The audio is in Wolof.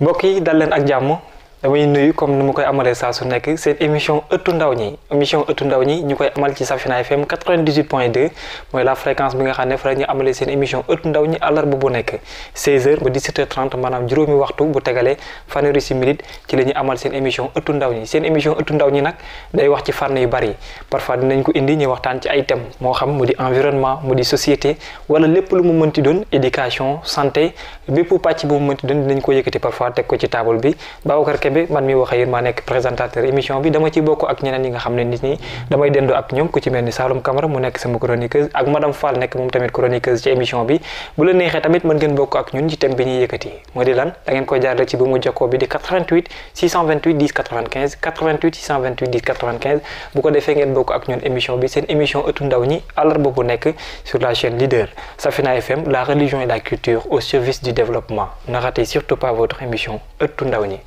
mbokk yi dal leen ak jàmm damay nuyu comme ni mu koy amalee saa su nekk seen émission ëttu ndaw ñi émission ëttu ndaw ñi ñu amal ci Safina FM 98.2 mooy la fréquence bi nga xam ne fa ñu amalee seen émission ëttu ndaw ñi àllarba bu nekk 16h ba 17h30 manam juroomi waxtu bu tegalee fanweeri simili ci lañu amal seen émission ëttu ndaw ñi seen émission ëttu ndaw ñi nak day wax ci fànn yu bari parfois dinañ ko indi ñi waxtaan ci ay thème mo xam mu di environnement mu di société wala lepp lu mu mënti doon éducation santé bépp pàcc bu mu mënti doon dinañ ko yëkëti parfois tek ko ci table bi Babacar Kébé man mi wax ak yéen maa présentateur émission bi dama ci bokk ak ñeneen yi nga xamne nit ñi damay dendoo ak ñoom ku ci melni Salum Saloum Camara mu nek sama chroniqueuse ak madame Fall nek moom tamit chroniqueuse ci émission bi bu la nexé tamit mën ngeen bokk ak ñun ci thème bi ñi yëkëti modi lan da ngeen koy jaarale ci bu mu jokkoo bi di 88 628 10 95 88 628 10 95 bu ko défé ngeen bokk ak ñun émission bi seen émission eutu ndaw ñi àllarba bu nek sur la chaîne leader Safina FM la religion et la culture au service du développement ne surtout pas votre émission eutu ndaw ñi